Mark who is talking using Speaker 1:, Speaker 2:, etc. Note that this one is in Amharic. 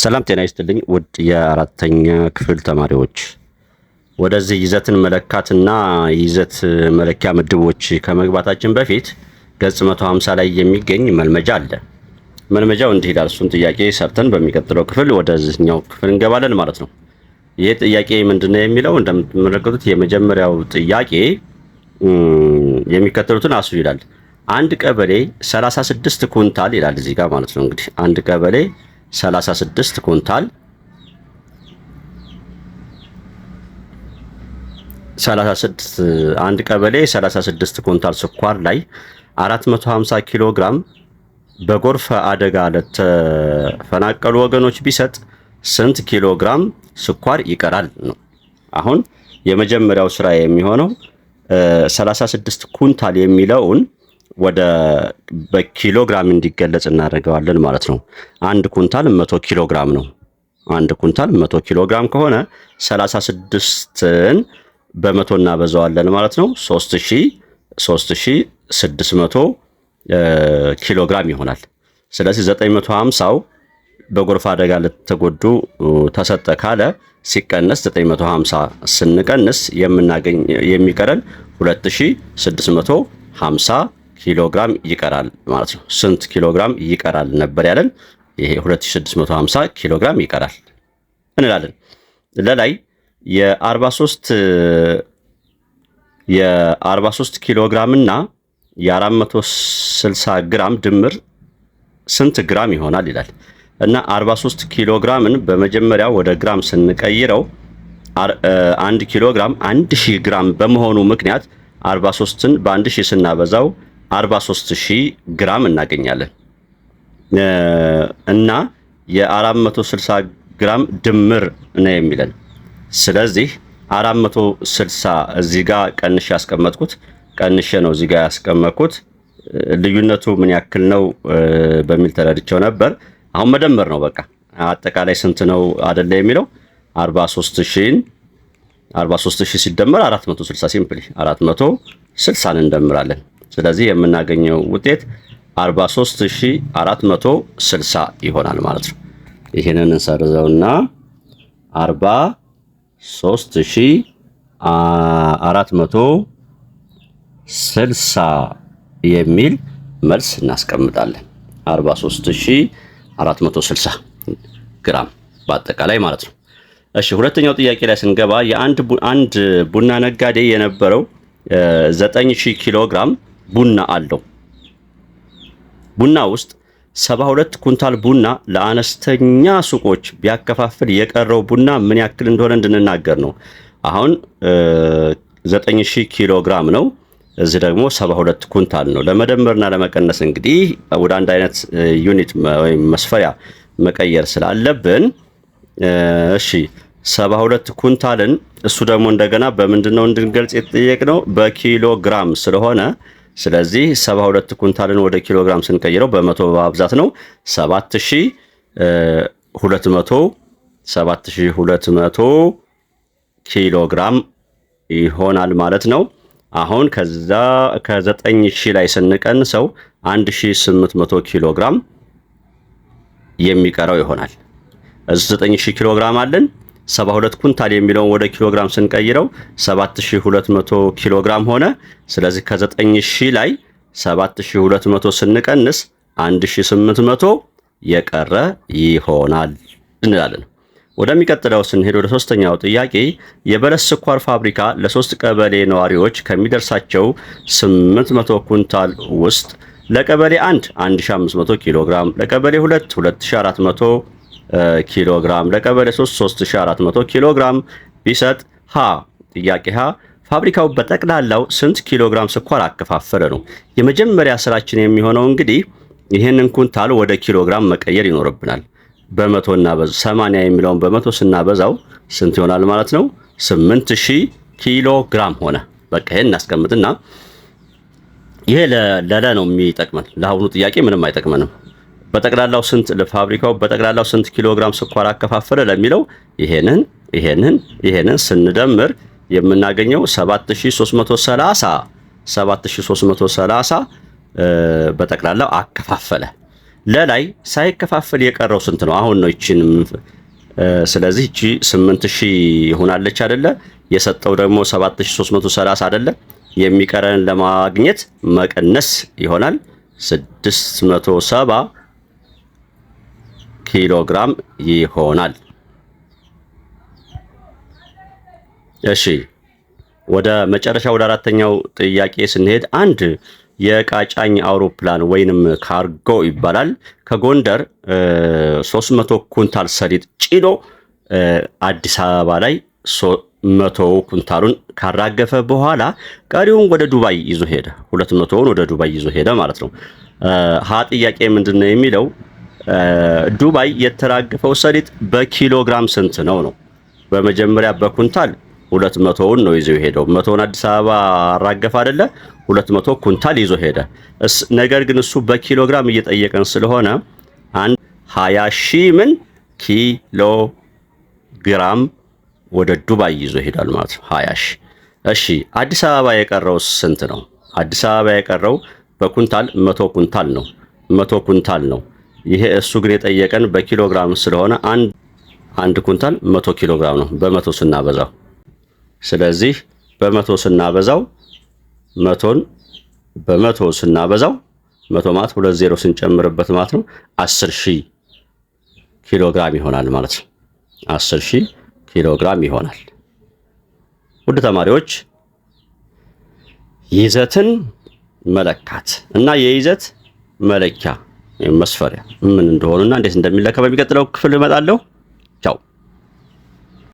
Speaker 1: ሰላም ጤና ይስጥልኝ ውድ የአራተኛ ክፍል ተማሪዎች፣ ወደዚህ ይዘትን መለካትና ይዘት መለኪያ ምድቦች ከመግባታችን በፊት ገጽ 150 ላይ የሚገኝ መልመጃ አለ። መልመጃው እንዲህ ይላል። እሱን ጥያቄ ሰርተን በሚቀጥለው ክፍል ወደዚህኛው ክፍል እንገባለን ማለት ነው። ይህ ጥያቄ ምንድነው የሚለው እንደምትመለከቱት የመጀመሪያው ጥያቄ የሚከተሉትን አሱ ይላል። አንድ ቀበሌ 36 ኩንታል ይላል እዚህ ጋር ማለት ነው። እንግዲህ አንድ ቀበሌ 36 ኩንታል 36 አንድ ቀበሌ 36 ኩንታል ስኳር ላይ 450 ኪሎ ግራም በጎርፍ አደጋ ለተፈናቀሉ ወገኖች ቢሰጥ ስንት ኪሎ ግራም ስኳር ይቀራል ነው። አሁን የመጀመሪያው ስራ የሚሆነው 36 ኩንታል የሚለውን ወደ በኪሎግራም እንዲገለጽ እናደርገዋለን ማለት ነው። አንድ ኩንታል መቶ ኪሎግራም ነው። አንድ ኩንታል መቶ ኪሎግራም ከሆነ ሰላሳ ስድስትን በመቶ እናበዛዋለን ማለት ነው። ሶስት ሺ ሶስት ሺ ስድስት መቶ ኪሎ ግራም ይሆናል። ስለዚህ ዘጠኝ መቶ ሀምሳው በጎርፍ አደጋ ለተጎዱ ተሰጠ ካለ ሲቀነስ 950 ስንቀንስ የምናገኝ የሚቀረን 2650 ኪሎ ግራም ይቀራል ማለት ነው። ስንት ኪሎ ግራም ይቀራል ነበር ያለን? ይሄ 2650 ኪሎ ግራም ይቀራል እንላለን። ለላይ የ43 የ43 ኪሎ ግራም እና የ460 ግራም ድምር ስንት ግራም ይሆናል ይላል እና 43 ኪሎ ግራምን በመጀመሪያ ወደ ግራም ስንቀይረው አንድ ኪሎ ግራም 1000 ግራም በመሆኑ ምክንያት 43ን በ1000 ስናበዛው 43000 ግራም እናገኛለን እና የ460 ግራም ድምር ነው የሚለን። ስለዚህ 460 እዚህ ጋር ቀንሼ ያስቀመጥኩት ቀንሼ ነው እዚህ ጋር ያስቀመጥኩት። ልዩነቱ ምን ያክል ነው በሚል ተረድቼው ነበር። አሁን መደመር ነው በቃ አጠቃላይ ስንት ነው አይደለ የሚለው 43000 43000 ሲደመር 460 ሲምፕሊ 460 እንደምራለን። ስለዚህ የምናገኘው ውጤት 43460 ይሆናል ማለት ነው። ይህንን እንሰርዘውና 43460 የሚል መልስ እናስቀምጣለን። 43460 ግራም በአጠቃላይ ማለት ነው። እሺ ሁለተኛው ጥያቄ ላይ ስንገባ የአንድ ቡና ነጋዴ የነበረው 9000 ኪሎ ግራም ቡና አለው። ቡና ውስጥ 72 ኩንታል ቡና ለአነስተኛ ሱቆች ቢያከፋፍል የቀረው ቡና ምን ያክል እንደሆነ እንድንናገር ነው። አሁን 9000 ኪሎ ግራም ነው። እዚህ ደግሞ 72 ኩንታል ነው። ለመደመርና ለመቀነስ እንግዲህ ወደ አንድ አይነት ዩኒት ወይም መስፈሪያ መቀየር ስላለብን እሺ 72 ኩንታልን እሱ ደግሞ እንደገና በምንድን ነው እንድንገልጽ ነው በኪሎ ግራም ስለሆነ ስለዚህ 72 ኩንታልን ወደ ኪሎ ግራም ስንቀይረው በመቶ በማብዛት ነው 7200 7200 ኪሎ ግራም ይሆናል ማለት ነው። አሁን ከዛ ከ9000 ላይ ስንቀንሰው 1800 ኪሎ ግራም የሚቀረው ይሆናል። እዚህ 9000 ኪሎ ግራም አለን። 72 ኩንታል የሚለውን ወደ ኪሎ ግራም ስንቀይረው 7200 ኪሎ ግራም ሆነ። ስለዚህ ከ9000 ላይ 7200 ስንቀንስ 1800 የቀረ ይሆናል እንላለን። ወደሚቀጥለው ስንሄድ ወደ ሶስተኛው ጥያቄ የበለስ ስኳር ፋብሪካ ለሶስት ቀበሌ ነዋሪዎች ከሚደርሳቸው 800 ኩንታል ውስጥ ለቀበሌ 1 1500 ኪሎ ግራም፣ ለቀበሌ 2 2400 ኪሎ ግራም ለቀበሌ 3 3400 ኪሎ ግራም ቢሰጥ ሀ ጥያቄ ሀ ፋብሪካው በጠቅላላው ስንት ኪሎ ግራም ስኳር አከፋፈለ ነው። የመጀመሪያ ስራችን የሚሆነው እንግዲህ ይህንን ኩንታል ወደ ኪሎ ግራም መቀየር ይኖርብናል። በመቶ በዛ 80 የሚለውን በመቶ ስናበዛው ስንት ይሆናል ማለት ነው? 8000 ኪሎ ግራም ሆነ። በቃ ይሄን እናስቀምጥና ይሄ ለለ ነው የሚጠቅመን። ለአሁኑ ጥያቄ ምንም አይጠቅመንም። በጠቅላላው ስንት ለፋብሪካው በጠቅላላው ስንት ኪሎ ግራም ስኳር አከፋፈለ ለሚለው ይሄንን ይሄንን ይሄንን ስንደምር የምናገኘው 7330 7330 በጠቅላላው አከፋፈለ። ለላይ ሳይከፋፈል የቀረው ስንት ነው? አሁን ነው ይቺን ስለዚህ እቺ 8000 ይሆናለች አይደለ? የሰጠው ደግሞ 7330 አይደለ? የሚቀረን ለማግኘት መቀነስ ይሆናል 670 ኪሎ ግራም ይሆናል። እሺ ወደ መጨረሻ ወደ አራተኛው ጥያቄ ስንሄድ አንድ የቃጫኝ አውሮፕላን ወይንም ካርጎ ይባላል ከጎንደር 300 ኩንታል ሰሊጥ ጭኖ አዲስ አበባ ላይ መቶ ኩንታሉን ካራገፈ በኋላ ቀሪውን ወደ ዱባይ ይዞ ሄደ። ሁለት መቶውን ወደ ዱባይ ይዞ ሄደ ማለት ነው። ሀ ጥያቄ ምንድን ነው የሚለው ዱባይ የተራገፈው ሰሊጥ በኪሎግራም ስንት ነው ነው? በመጀመሪያ በኩንታል ሁለት መቶውን ነው ይዞ ሄደው መቶውን አዲስ አበባ አራገፍ አይደለ ሁለት መቶ ኩንታል ይዞ ሄደ። ነገር ግን እሱ በኪሎግራም እየጠየቀን ስለሆነ አንድ ሀያ ሺህ ምን ኪሎ ግራም ወደ ዱባይ ይዞ ሄዳል ማለት ነው። ሀያ ሺህ እሺ። አዲስ አበባ የቀረው ስንት ነው? አዲስ አበባ የቀረው በኩንታል መቶ ኩንታል ነው። መቶ ኩንታል ነው ይሄ እሱ ግን የጠየቀን በኪሎግራም ስለሆነ አንድ አንድ ኩንታል 100 ኪሎ ግራም ነው በመቶ ስናበዛው። ስለዚህ በመቶ ስናበዛው መቶን በመቶ ስናበዛው መቶ ማለት ሁለት ዜሮ ስንጨምርበት ማለት ነው 10000 ኪሎ ግራም ይሆናል ማለት ነው። 10000 ኪሎ ግራም ይሆናል። ውድ ተማሪዎች ይዘትን መለካት እና የይዘት መለኪያ መስፈሪያ ምን እንደሆነና እንዴት እንደሚለካ በሚቀጥለው ክፍል እመጣለሁ።